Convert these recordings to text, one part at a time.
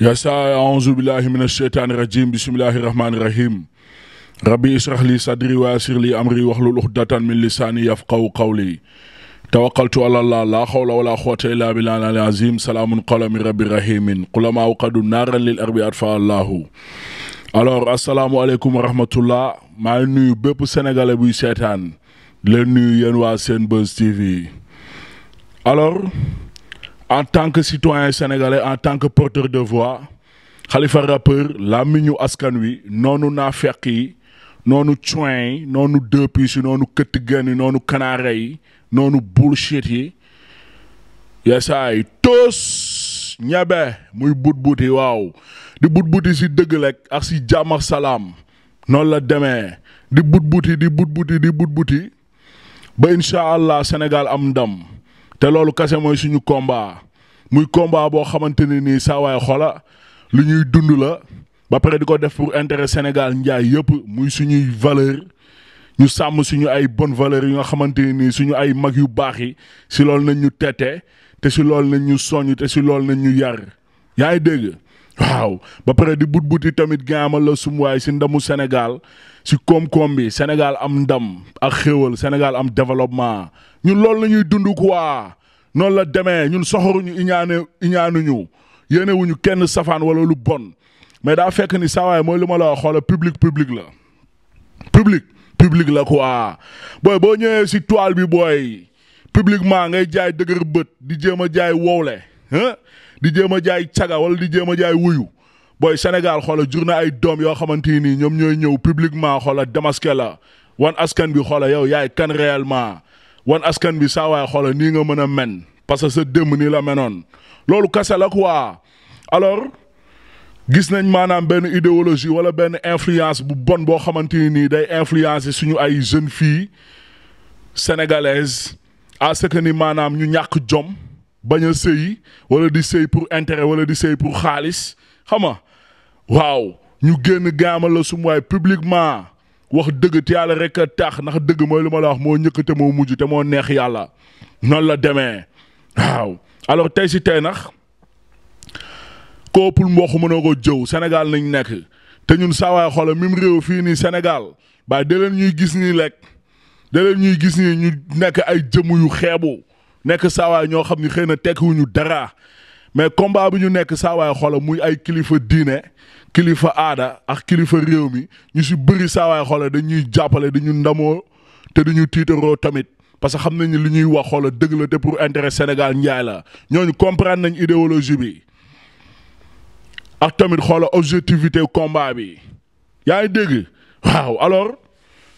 yaa saa aouzu billahi min asheytaani rajim bismillahi rahmaani rahim rabbi israh li sadri wa yassir li amri wahlul uqdatan min lisaani yafqahu qawli tawakkaltu ala allah laa hawla wala quwwata illa billahi al azim salaamun qawlan min rabbi rahimin qulama awqadu naaran lil arbi atfa allahu alors asalaamualeykum wa rahmatullah maa ngi nuyu bépp sénégalais buy seetaan leen nuyu yéen waa Senbuzz TV alors en tant que citoyen sénégalais en tant que porteur de voix Khalifa rappeur la askan wi noonu naa fekk yi noonu coin yi noonu deux pièces yi noonu këtt gen yi noonu kanaara yi noonu bullshit yi yesaay toos ñebe muy but buti waaw di but buti si dëgg rek ak si jàmm salaam noonu la demee di but buti di but buti di but buti ba incha allah Sénégal am ndam te loolu kase mooy suñu combat muy combat boo xamante ne nii saa waay xola lu ñuy dund la ba pare di ko def pour intérêt Sénégal njaay yëpp muy suñuy valeur ñu sàmm suñu ay bonne valeur yi nga xamante ne nii suñu ay mag yu baax yi si loolu nañ ñu tete te si lool nañ ñu soññ te si lool nañ ñu yar yaa ngi dégg waaw ba pare di but buti tamit gaamal la sumuwaay si ndamu Sénégal si koom-koom bi Sénégal am ndam ak xéwal Sénégal am développement ñun loolu la ñuy dund quoi noonu la demee ñun soxoruñu iñaane iñaanuñu yéene wuñu kenn safaan wala lu bon mais daa fekk ni sawaay mooy li ma la xoola public public la public public la quoi booy boo ñëwee si toile bi booy publiquement ngay jaay dëgër bët di jéem a jaay wowle di jéem a jaay caga wala di jéem a jaay wuyu booy Sénégal xoola jur na ay doom yoo xamante nii ñoom ñooy ñëw publiquement xoola démasqué la wan askan bi xoola yow yaay kan réellement wan askan bi saawaay waay xoola nii nga mën a men parce que sa démb nii la menoon loolu kase la quoi alors gis nañ maanaam benn idéologie wala benn influence bu bon boo xamante nii day influencer suñu ay jeunes fii sénégalaises à ce que ni maanaam ñu ñàkk jom bañ a sëyi wala di sëy pour intérêt wala di sëy pour xaalis xam nga waaw ñu génn gaamal la sum publiquement wax dëgg te yàlla rek a tax ndax dëgg mooy lu ma la wax moo ñëkk te moo mujj te moo neex yàlla noonu la demee waaw alors tey si tey nax koopul mboq mënoo ko jëw senegal nañ nekk te ñun saa waay xoolal réew fii nii senegal waaye da leen ñuy gis nii lekk da leen ñuy gis nii ñu nekk ay jëmm yu xeebu nekk saa ñoo xam ni xëy na tekkiwuñu dara mais combat bi ñu nekk saawaay waay muy ay kilifa diine kilifa aada ak kilifa réew mi ñu si bëri saa waay xoola dañuy jàppale dañu ndamoo te dañu tiitaroo tamit parce que xam nañu li ñuy wax xoola dëgg la te pour intérêt Sénégal njaay la ñooñu comprendre nañ idéologie bi ak tamit xoola objectivité combat bi yaa ngi dégg waaw alors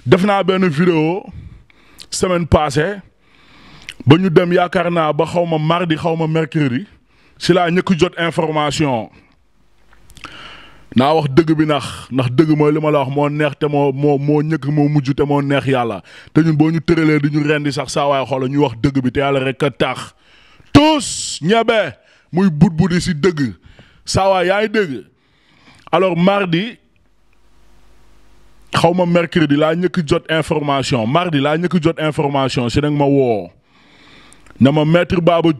def naa benn vidéo semaine passée ba ñu dem yaakaar naa ba xaw ma mardi xaw ma mercredi si laa ñëkk jot information naa wax dëgg bi ndax ndax dëgg mooy li ma la wax moo neex te moo moo moo moo mujj te moo neex yàlla te ñun boo ñu tëralee di ñu rendi sax saa waay xoola ñu wax dëgg bi te yàlla rek a tax tous ñebe muy bud budi si dëgg saa waay yaa ngi dëgg alors mardi xaw ma mercredi laa ñëkk jot information mardi laa ñëkk jot information si nag ma woo na ma maître Baba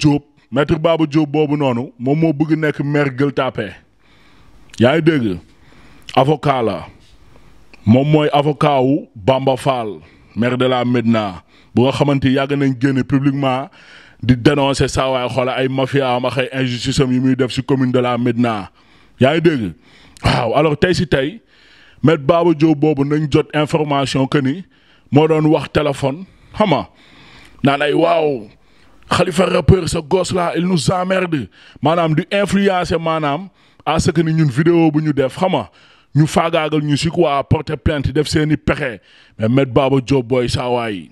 maître Baba Diop boobu noonu moom moo bëgg nekk maire Gueule Tapée yaa ngi dégg avocat la moom mooy avocat wu Bamba Fall maire de la Médina bu nga xamante yàgg nañ génne publiquement di dénoncer saa waay ay mafia am ak ay yi muy def si commune de la Médina yaa ngi dégg waaw alors tey si tey maître Baba Diop boobu nañ jot information que moo doon wax téléphone xam nga waaw. Khalifa rappeur ce gosse là il nous emmerde maanaam di influencer maanaam à ce que ni ñun vidéo bu ñu def xama ñu faagaagal ñu si quoi porter plainte def seen i pexe mais Maître Baba Diop booy saawaay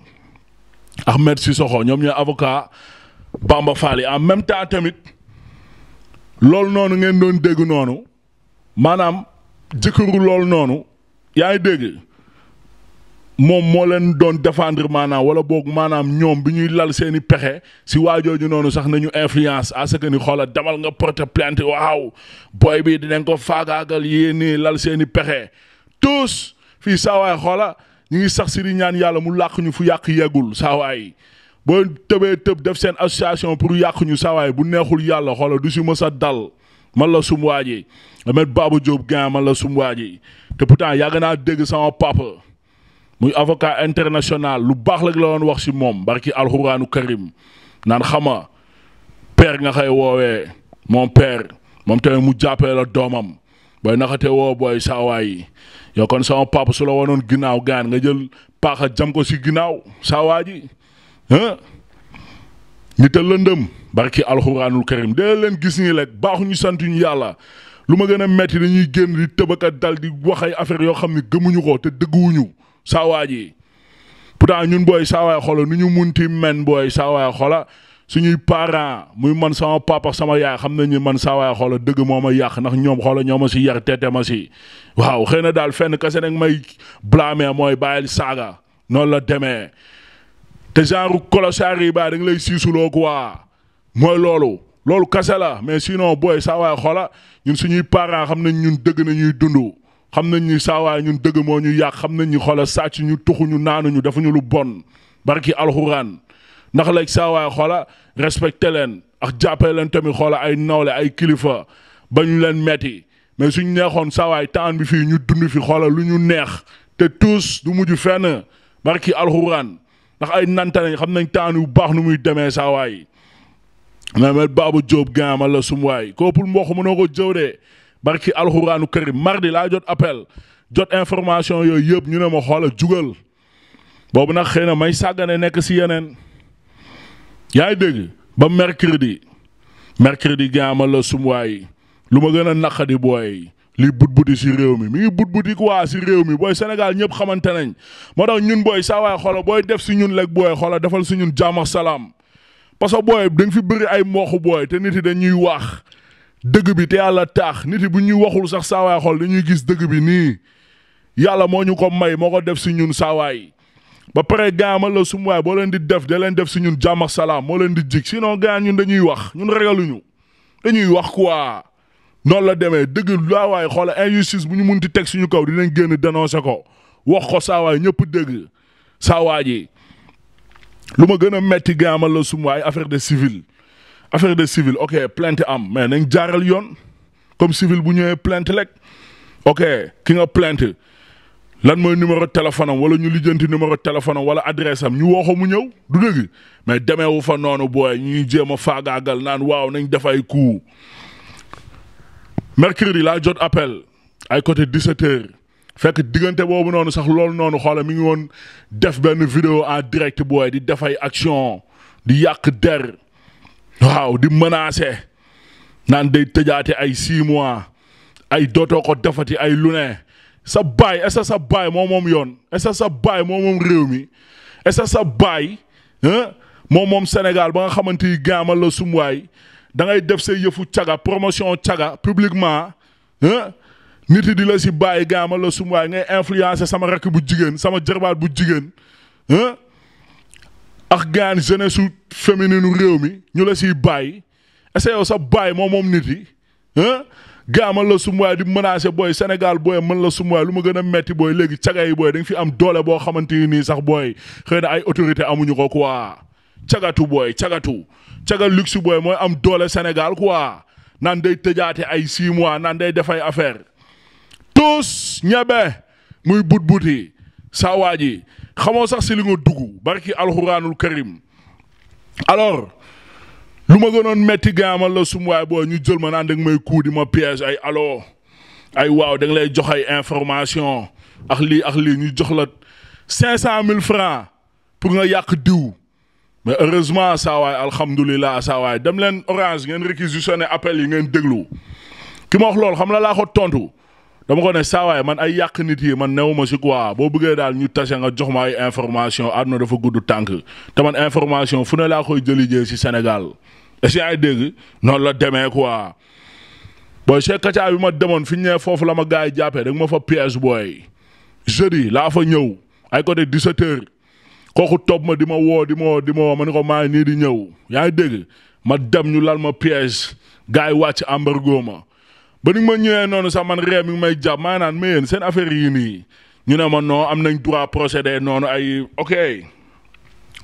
Ahmed Sissoko ñoom ñooy avoca Bamba Fall yi en même temps tamit loolu noonu ngeen doon dégg noonu maanaam jëkkëru loolu noonu yaa ngi dégg. moom moo leen doon défendre maanaam wala boog maanaam ñoom bi ñuy lal seen i pexe si waajooju noonu sax nañu influence à ce que ni xoola demal nga porter plainte waaw booy di dinañ ko faagaagal yéen nii lal seen i pexe tous fii saawaay xoola ñu ngi sax si di ñaan yàlla mu làq ñu fu yàq yeggul saawaay boo tëbee tëb def seen association pour yàq ñu saawaay bu neexul yàlla xoola du si mës a dal man la sum waajee Ahmed Baba Diop gan man la sum waajee te pourtant yàgg naa dégg sama papa muy avocat international lu baax la la woon wax si moom barki alxuraanu karim naan xama père nga xay woowee moom père moom tamit mu jàppee la doomam booy naxate woo booy saawaay yi yow kon sama papa su la wanoon ginnaaw gaan nga jël paaxa jam ko si ginnaaw saawaa ji nit a lëndëm barki alxuraanul karim dee leen gis nii rek baaxuñu santuñu yàlla lu ma gën a metti dañuy génn di tëbaka dal di wax ay yoo xam ni gëmuñu ko te dëgguwuñu saa waay ji pourtant ñun booy saa waay nu ñu munti men booy saa waay xola suñuy parent muy man sama papa sama yaay xam nañu man saa waay xola dëgg moo ma yàq ndax ñoom xola ñoo ma si yar tete ma si waaw xëy na daal fenn kase nag may blâmer mooy bàyyil saaga noonu la demee te genre colosaire yi baa da nga lay siisuloo quoi mooy loolu loolu kase la mais sinon booy saa waay xola ñun suñuy parent xam nañ ñun dëgg nañuy dund xam nañ ni saawaay ñun dëgg moo ñu yàq xam nañ ni xoolal sàcc ñu tuxuñu naanuñu defuñu lu bon barki alxuraan ndax léegi saawaay xola respecté leen ak jàppee leen tamit xoola ay nawle ay kilifa ba ñu leen metti mais suñ neexoon saawaay taan bi fii ñu dund fi xoola lu ñu neex te tous du mujj fenn barki alxuraan ndax ay nante nañ xam nañ taan yu baax nu muy demee saawaay Mouhamed baabu Diop gaama la sum waay koo pour mboq mënoo ko jëw barki alxuraanu karim mardi laa jot appel jot information yooyu yëpp ñu ne ma xoola jugal boobu nag xëy na may sàggane nekk si yeneen yaa ngi dégg ba mercredi mercredi gaamal la sumuwaay lu ma gën a naqadi booy lii but buti si réew mi mi ngi but buti quoi si réew mi booy Sénégal ñëpp xamante nañ moo tax ñun booy saa waay xoola booy def si ñun lekk booy xoola defal si ñun jàmm salaam parce que booy da fi bëri ay mooxu booy te nit yi dañuy wax dëgg bi te yàlla taax nit yi bu ñuy waxul sax saawaay xol dañuy gis dëgg bi nii yàlla moo ñu ko may moo ko def si ñun saawaay ba pare gaamal la sum waay boo leen di def da leen def si ñun jàmm ak salaam moo leen di jig sinon gaa ñun dañuy wax ñun ragaluñu dañuy wax quoi noonu la demee dëgg laa waay xool injustice bu ñu mun ti teg suñu kaw dinañ génn dénoncé ko wax ko saawaay ñëpp dëgg saawaay ji lu ma gën a metti gaamal la sum waay affaire de civil affaire de civil ok plainte am mais nañ jaaral yoon comme civil bu ñëwee plainte rek ok ki nga plainte lan mooy numéro téléphone am wala ñu lijjanti numéro téléphone am wala adresse am ñu woo ko mu ñëw du dëgg mais demeewu fa noonu booy ñuy jéem a faagaagal naan waaw nañ def ay coup mercredi laa jot appel ay côté 17h fekk diggante boobu noonu sax loolu noonu xoola mi ngi woon def benn vidéo en direct booy di def ay action di yàq der waaw di menacer naan day tëjaate ay six mois ay dootoo ko defati ay lu ne sa baay est sa baay moo moom yoon est sa baay moo moom réew mi est sa baay moom moom Sénégal ba nga xamante ni gaamal la sumuwaay da ngay def se yëfu caga promotion caga publiquement nit di la si bàyyi gaamal la sumuwaay ngay influencer sama rakk bu jigéen sama jarbaat bu jigéen ak gaan jeunesse su féminine réew mi ñu la siy bàyyi est sa bàyyi moom moom nit yi gaa man la sumuwaay di menacer booy Sénégal booy man la sumuwaay lu ma gën a metti booy léegi caga yi booy da fi am doole boo xamante ni nii sax booy xëy na ay autorité amuñu ko quoi cagatu booy cagatu caga luxe booy mooy am doole Sénégal quoi naan day tëjaate ay six mois naan day defay ay affaire ñebe muy but buti saa waa ji xamoo sax si li nga dugg barki alxuraanul karim alors lu ma gënoon metti gaamal la sum waay boo ñu jël ma naan da nga may kuu di ma piège ay allo ay waaw da lay jox ay information ak lii ak lii ñu jox la cinq cent mille francs pour nga yàq diw mais heureusement saa waay alhamdulilah dem leen orange ngeen réquisitionné appel yi ngeen déglu ki ma wax loolu xam la laa ko tontu dama ko ne saawaay man ay yàq nit yi man new ma si quoi boo bëggee daal ñu tase nga jox ma ay information àdduna dafa gudd tànk te man information fu ne laa koy jëli si Sénégal est ay dégg noonu la demee quoi. booy Cheikh Kacha bi ma demoon fi ñu nee foofu la ma gars yi jàppee da ma fa pièce booy jeudi laa fa ñëw ay côté 17 heures kooku topp ma di ma woo di ma woo di ma woo ma ne ko maa nii di ñëw yaa dégg ma dem ñu lal ma pièce gars yi wàcc embargo ma. ba ni ma ñëwee noonu sax man réew mi ngi may jàpp maa naan mais yéen seen affaire yi nii ñu ne ma non am nañ droit procédé noonu ay ok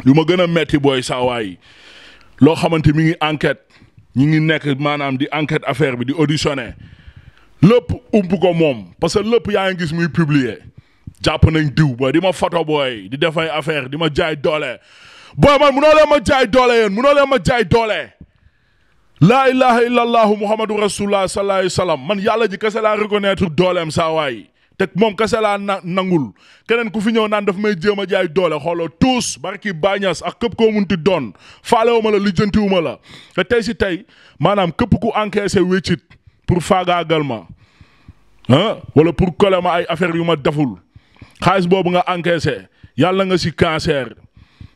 lu ma gën a metti booy saawaay loo xamante mi ngi enquête ñu ngi nekk maanaam di enquête affaire bi di auditionné lépp ump ko moom parce que lépp yaa ngi gis muy publier jàpp nañ diw booy di ma photo booy di def ay affaire di ma jaay doole booy man munoo leen ma jaay doole yéen munoo leen ma jaay doole. laa ilaha illa allahu muhammadu rasulullah sallallahu alayhi wa sallam man yàlla ji kese laa reconnaître dooleem saa waay te moom kese laa na nangul keneen ku fi ñëw naan dafa may jéem a jaay doole xooloo tous barki bañas ak képp koo mun ti doon faalewu ma la lijjantiwu ma la te tey si tey maanaam képp ku encaissé wéccit pour faagaagal ma ah wala pour coller ma ay affaires yu ma daful xaalis boobu nga encaissé yàlla nga si cancer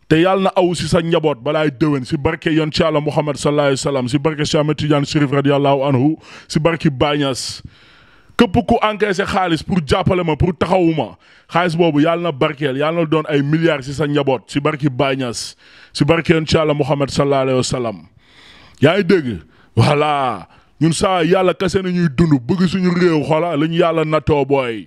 te yàlla na aw si sa njaboot balaa balaay déwén si barke yon ci àlla Muhammad sallallahu alayhi wa sallam si barke Cheikh Ahmed Tidiane Chérif radiyallahu anhu si barke Bañas képp ku encaissé xaalis pour jàppale ma pour taxawu ma xaalis boobu yàlla na barkeel yàlla na doon ay milliards si sa njaboot si barke Bañas si barke yon ci àlla Muhammad sallallahu alayhi wa sallam yaa ngi dégg voilà ñun saa yàlla kese na ñuy dund bëgg suñu réew xoola la yàlla nattoo booy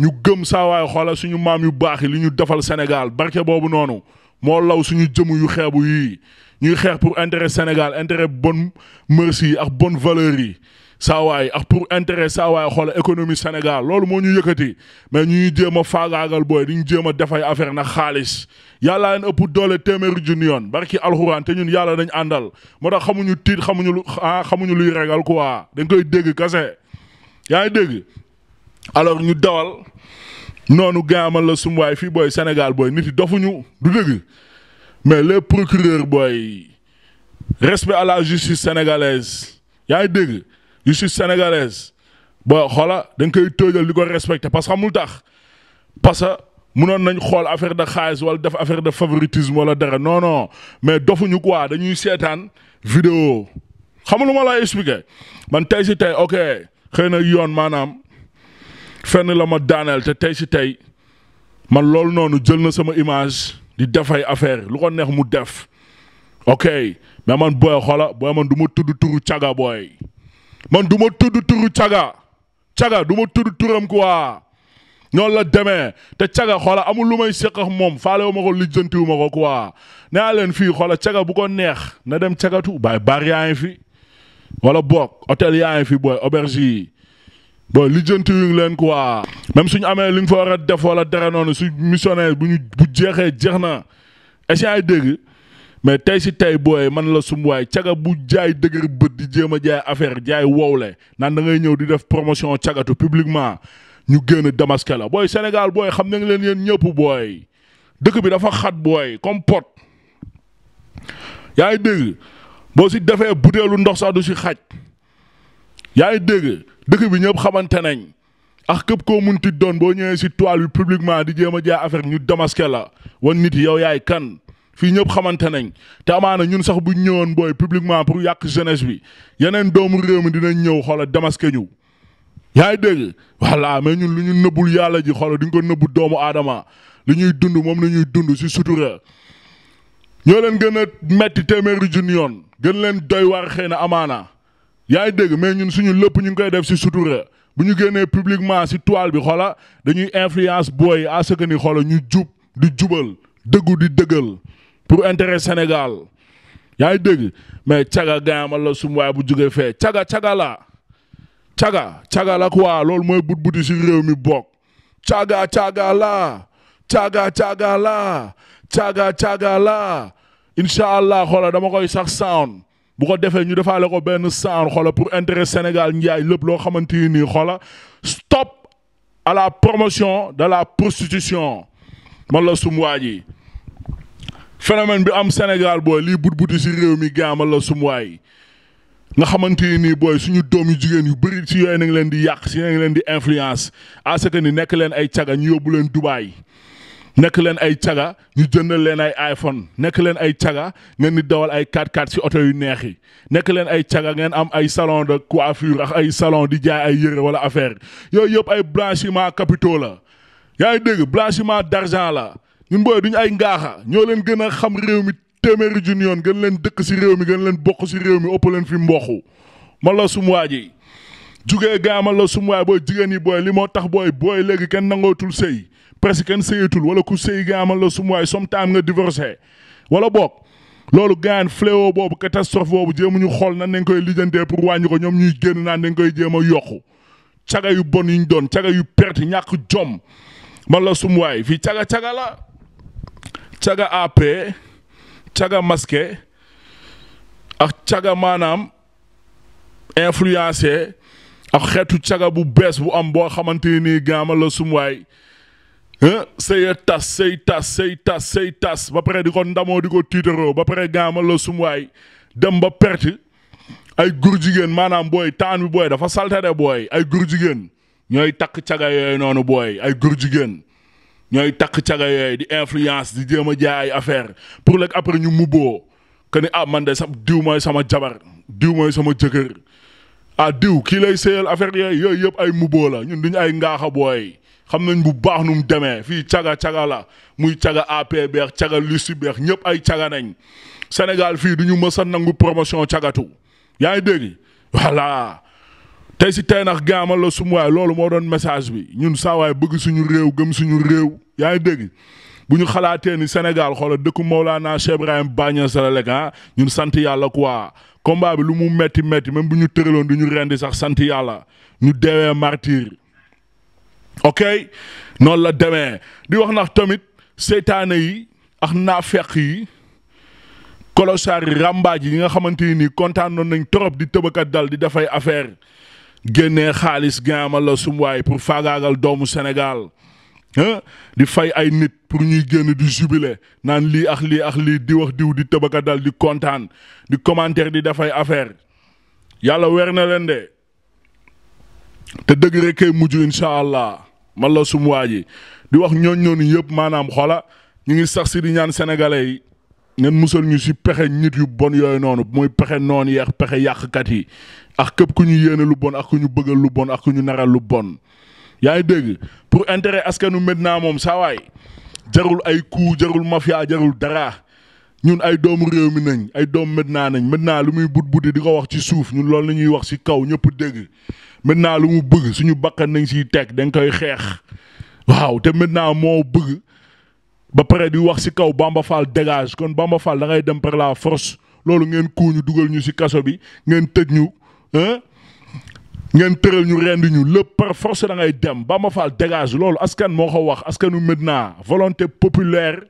ñu gëm saa waay suñu maam yu baax yi li ñu defal Sénégal barke boobu noonu moo law suñu jëmu yu xeebu yii ñuy xeex pour intérêt Sénégal intérêt bonne merci yi ak bonne valeur yi saawaay ak pour intérêt saawaay xool économie Sénégal loolu moo ñu yëkkati mais ñu ñuy jéem a faagaagal booy di ñu jéem a def affaire nag xaalis yàlla leen ëpp doole téeméeri junni yoon barki alxuraan te ñun yàlla dañu àndal moo tax xamuñu tiit xamuñu lu ah xamuñu luy regal quoi dañ koy dégg kase yaa ngi dégg alors ñu dawal noonu gaa man la sum fii booy Sénégal booy nit yi dofuñu du dëgg mais les procureurs booy respect à la justice sénégalaise yaa ngi dégg justice sénégalaise booy xoola da nga koy tóojal di ko respecté parce que xamul tax parce que mun munoon nañ xool affaire de xaalis wala def affaire de favoritisme wala dara non mais dofuñu quoi dañuy seetaan vidéo xamul ma lay expliqué man tey si tey ok xëy na yoon maanaam. fenn la ma daaneel te tey si tey man loolu noonu jël na sama image di def ay affaire lu ko neex mu def ok mais man booy xoola booy man du ma tudd turu caga booy man duma ma tudd turu caga caga du ma tudd turam quoi noonu la demee te caga xoola amul lu may séq moom faale wu ko lijjanti wu ma ko waa naa leen fii xoola caga bu ko neex na dem cagatu baay baar yaa ngi fi walla boog hôtel yaa ngi fi booy auberge yi bon lijjantiwuñ leen quoi même suñu amee li nga fa war a def wala dara noonu su missionnaire bu ñu bu jeexee jeex na échange ay dégg mais tey si tey booy man la sum waay caga bu jaay dëgër bët di jéem a jaay affaire jaay wowle nan da ñëw di def promotion cagatu publiquement ñu génn damaské la booy Sénégal booy xam nañ leen yéen ñëpp booy dëkk bi dafa xat booy comme pot yaa ngi dégg boo si defee butéelu ndox sax du si xaj yaa ngi dégg dëkk bi ñëpp xamante nañ ak képp koo ti doon boo ñëwee si toile bi publiquement di jéem a jaay affaire ñu damaské la wan nit yow yaay kan fii ñëpp xamante nañ te amaana ñun sax bu ñëwoon booy publiquement pour yàq jeunesse bi yeneen doomu réew mi dinañ ñëw xoola damaské ñu. yaa ngi dégg voilà mais ñun lu ñu nëbbul yàlla ji xoola di ko nëbbu doomu aadama li ñuy dund moom la ñuy dund si sutura ñoo leen gën a metti téeméeri junni yoon gën leen doy war xëy na amaana. yaa ngi dégg mais ñun suñu lépp ñu ngi koy def si sutura bu ñu génnee publiquement si toile bi xola dañuy influence booy à ce que ni xoola ñu jub di jubal dëggu di dëggal pour intérêt Sénégal yaa ngi dégg mais caga gaamal la sum bu jógee fee caga caga la caga caga la mooy but buti réew mi bokk caga caga la caga caga la caga caga la incha allah dama koy sax sound bu ko defee ñu defaale ko benn saan xola pour intérêt Sénégal njaay lépp loo xamante ni nii xola stop à la promotion de la prostitution man la sum waa ji phénomène bi am Sénégal booy lii but buti si réew mi gaa man la sum nga xamante ni nii booy suñu doom yu jigéen yu bëri si yooyu nañ leen di yàq si nañ leen di influence à que ni nekk leen ay caga ñu yóbbu leen Dubaay nekk leen ay caga ñu jëndal leen ay iPhone nekk leen ay caga ngeen di dawal ay 4x4 ci oto yu neex yi nekk leen ay caga ngeen am ay salon de coiffure ak ay salon di jaay ay yëre wala affaire yooyu yëpp ay blanchiment capitaux la. yaa ngi dégg blanchiment d'argent la ñun booy duñ ay ngaaxa ñoo leen gën a xam réew mi téeméeri junni yoon gën leen dëkk ci réew mi gën leen bokk ci réew mi ëpp leen fi mboqu man la sum waa ji jugee gaamal la sum waay booy jigéen yi booy li moo tax booy booy léegi kenn nangootul sëy presque kenn sëyatul wala ku sëy nga amal la su mu waay sometime nga divorcé wala boog loolu gaan fléau boobu catastrophe boobu jéemuñu xool na nañ koy lijjantee pour wàññi ko ñoom ñuy génn naan dañ koy jéem a yokku caga yu bon yuñ doon caga yu perte ñàkk jom man la sum waay fii caga caga la caga AP caga masqué ak caga maanaam influencé a xeetu caga bu bees bu am boo xamante nii gaamal la sum sëy tas sëy tas sey tas sey tas ba pare di ko ndamoo di ko tiitaroo ba pare gaamal la sumuwaay dem ba perte ay gur jigéen maanaam booy taan bi booy dafa salté de booy ay gur jigéen ñooy takk caga noonu booy ay gur jigéen ñooy takk caga yooyu di influence di jéem a jaay ay affaire pour léegi après ñu mubboo que ni ah man de sa diw mooy sama jabar diw mooy sama jëkkër ah diw kii lay sëyal affaire yooyu yooyu yëpp ay mubboo la ñun duñu ay ngaaxa booy xam nañ bu baax nu mu demee fii caga caga la muy caga AP beex caga Lucie beex ñëpp ay caga nañ Sénégal fii du ñu mësa nangu promotion cagatu yaa ngi dégg voilà. tey si tey nax gaamal la sum loolu moo doon message bi ñun saa bëgg suñu réew gëm suñu réew yaa ngi dégg bu ñu xalaatee ni Sénégal xoola dëkku Mawlana Cheikh Ibrahim Bañas la lekk ah ñun sant yàlla quoi combat bi lu mu metti metti même bu ñu tëraloon du ñu rendi sax sant yàlla ñu deewee ok noonu la demee di wax nax tamit seytaane yi ak naafeq yi kolosaar yi ràmbaaj yi nga xamante ni kontaan noon nañ trop di tëbakat dal di dafay affaire génnee xaalis gaamal la sum pour faagaagal doomu Sénégal di fay ay nit pour ñuy génn di jubile naan lii ak lii ak lii di wax diw di tëbakat dal di kontaan di commentaire di dafay affaire yàlla weer na leen de te dëgg rek kay mujj incha allah man la sum waa ji di wax ñooñ ñoonu yëpp maanaam xoola ñu ngi sax si di ñaan sénégalais yi ngeen musal ñu si pexe nit yu bon yooyu noonu mooy pexe noon yeex pexe yàqkat yi ak képp ku ñu yéene lu bon ak ku ñu bëggal lu bon ak ku ñu naral lu bon. yaa ngi dégg pour intérêt askanu Medina moom saa jarul ay coup jarul mafiya jarul dara ñun ay doomu réew mi nañ ay doomu Medina nañ Medina lu muy bud buddi di ko wax ci suuf ñun loolu la ñuy wax ci kaw ñëpp dégg Medina lu mu bëgg suñu bakkan nañ ciy teg dañ koy xeex waaw te Medina moo bëgg ba pare di wax ci kaw Bamba Fall dégage kon Bamba Fall da dangay dem par la force loolu ngeen kuu ñu dugal ñu ci kaso bi ngeen tëj ñu ngeen tëral ñu rend ñu lépp par force da ngay dem Bamba faal dégage loolu askan moo ko wax askanu Medina volonté populaire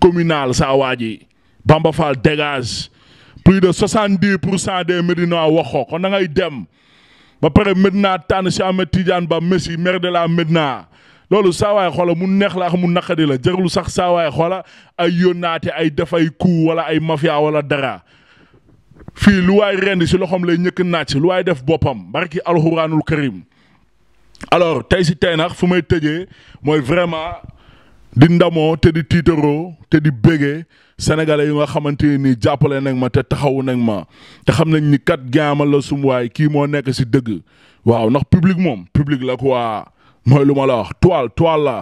communal saa waa ji Bamba Fall dégage plus de soixante dix pour cent des Médina waxoo kon da ngay dem ba pare Médina tànn Cheikh Ahmed Tidiane Ba Messi maire de la Médina loolu saawaay xoola mu neex la ak mu naqadi la jarul sax saawaay xoola ay yónnaate ay dafay ku wala ay mafia wala dara fii lu waay rend si loxoom lay ñëkk naaj lu waay def boppam barki alxuraanul karim alors tey si tey nag fu may tëjee mooy vraiment di ndamoo te di tiitaroo te di bégee sénégalais yi nga xamante nii jàppale nañ ma te taxawu nañ ma te xam nañ ni kat gaama la sumuwaay kii moo nekk si dëgg waaw ndax public moom public la waa mooy lu ma la wax toile toile la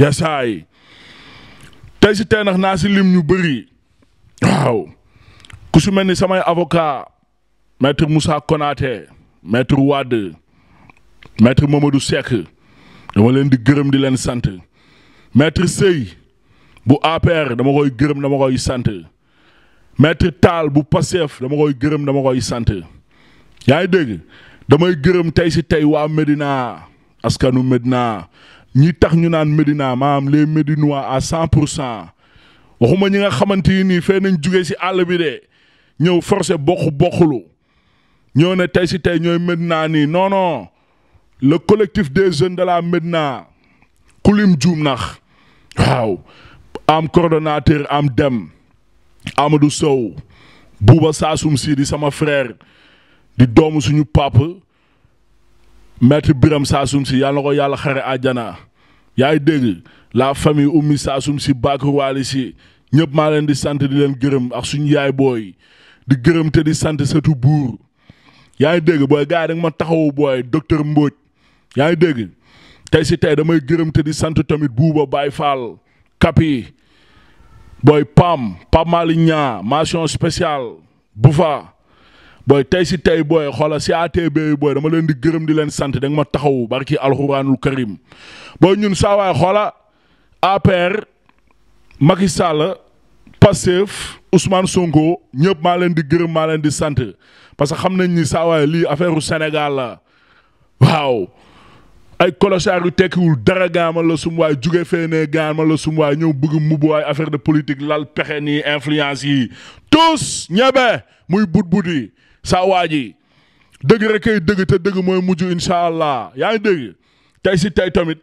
yasaay tey si tey nag naa si lim ñu bëri waaw ku si mel ni samay avocat maître Moussa Konaté maître Wade maître Mamadou Seck dama leen di gërëm di leen sant maître Sey bu APR dama koy gërëm dama koy sant maître Tall bu Pastef dama koy gërëm dama koy sant yaa ngi dégg damay gërëm tey si tey waa Médina askanu Médina ñi tax ñu naan Médina maam les Médinois à cent pour cent waxuma ñi nga xamante yi nii fee nañ jugee si àll bi de ñëw forcé bokk bokkulu ñoo ne tey si tey ñooy Médina nii non non le collectif des jeunes de la Médina kulim juum nax waaw am coordonnateur am dem amadu Sow Bouba saasum si di sama frère di doomu suñu pap maître Biram Sassoum si yàlla na ko yàlla xare àjjana yaa ngi dégg la famille Oumy saasum si Bakar Waly si ñëpp maa leen di sant di leen gërëm ak suñu yaay booy di gërëm te di sant sëtu buur yaa ngi dégg booy gars yi ma taxawu booy docteur Mbodj yaa ngi dégg tey si tey damay gërëm te di sant tamit buuba Baye Fall kapi booy Pam Pam Mali ñaa mention spéciale bu fa booy tey si tey booy xoola si ATB booy dama leen di gërëm di leen sant da nga ma taxaw barki alxuraanul karim booy ñun saa waay xoola APR Macky Sall Pastef Ousmane Sonko ñëpp maa leen di gërëm maa leen di sant parce que xam nañ ni saa lii affaire u Sénégal la waaw ay colochard yu tekkiwul dara gaama la sum waay juge fee ne gaama la sum waay ñëw bëgg mubbu waay affaire de politique lal pexe nii influence yi tous ñebe muy bud bud yi saa waa ji dëgg rek kay dëgg te dëgg mooy mujj incha allah yaa ngi dëgg tey si tey tamit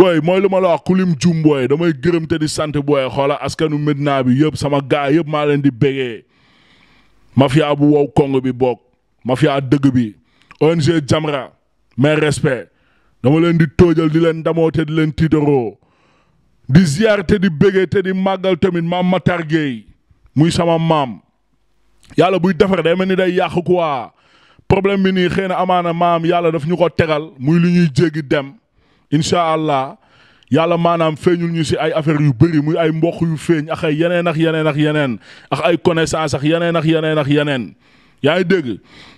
booy mooy lu ma la wax ku lim jum booy damay gërëm te di sant booy xoola askanu Medina bi yëpp sama gaa yëpp maa leen di bégee mafia bu wow kong bi bokk mafia dëgg bi ONG Jamra mais dama leen di toojal di leen damoo te di leen tiitaroo di ziar te di bégee te di màggal tamit maam Matar Gueye muy sama maam yàlla buy defar day mel ni day yàq quoi problème bi nii xëy na amaana maam yàlla daf ñu ko tegal muy lu ñuy jéggi dem incha allah yàlla maanaam feeñul ñu si ay affaire yu bëri muy ay mboq yu feeñ ak ay yeneen ak yeneen ak yeneen ak ay connaissance ak yeneen ak yeneen ak yeneen yaa ngi dégg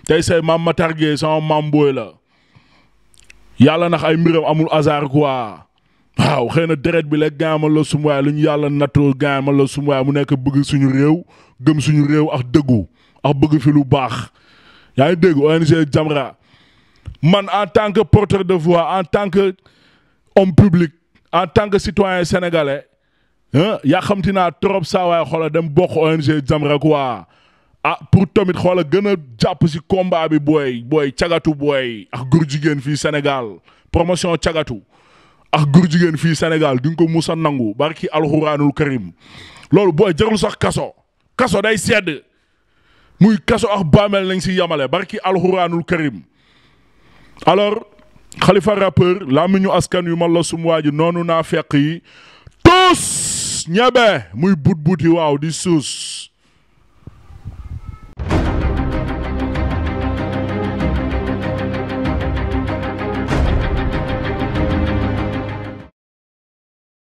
tey say maam Matar Gueye sama maam booy la. yàlla nax ay mbiram amul hasard quoi waaw xëy na deret bi la gaamal la sum waaye lu ñu yàlla nattoo gaamal la sum waaye mu nekk bëgg suñu réew gëm suñu réew ak dëggu ak bëgg fi lu baax yaa ngi dégg ONG Jamra man en tant que porteur de voix en tant que homme public en tant que citoyen sénégalais yaa xamti naa trop saa waay xola dem bokk ONG Jamra quoi ah pour tamit xoola gën a jàpp si combat bi booy booy cagatu booy ak góor jigéen fii Sénégal promotion cagatu ak góor jigéen fii Sénégal di ko muusa nangu barki alxuraanul karim loolu booy jarul sax kaso kaso day sedd muy kaso ak baamel nañ si yamale barki alxuraanul karim alors Khalifa rappeur laa askan yu man la sum waa noonu naa feq yi tous ñebe muy but buti waaw di suus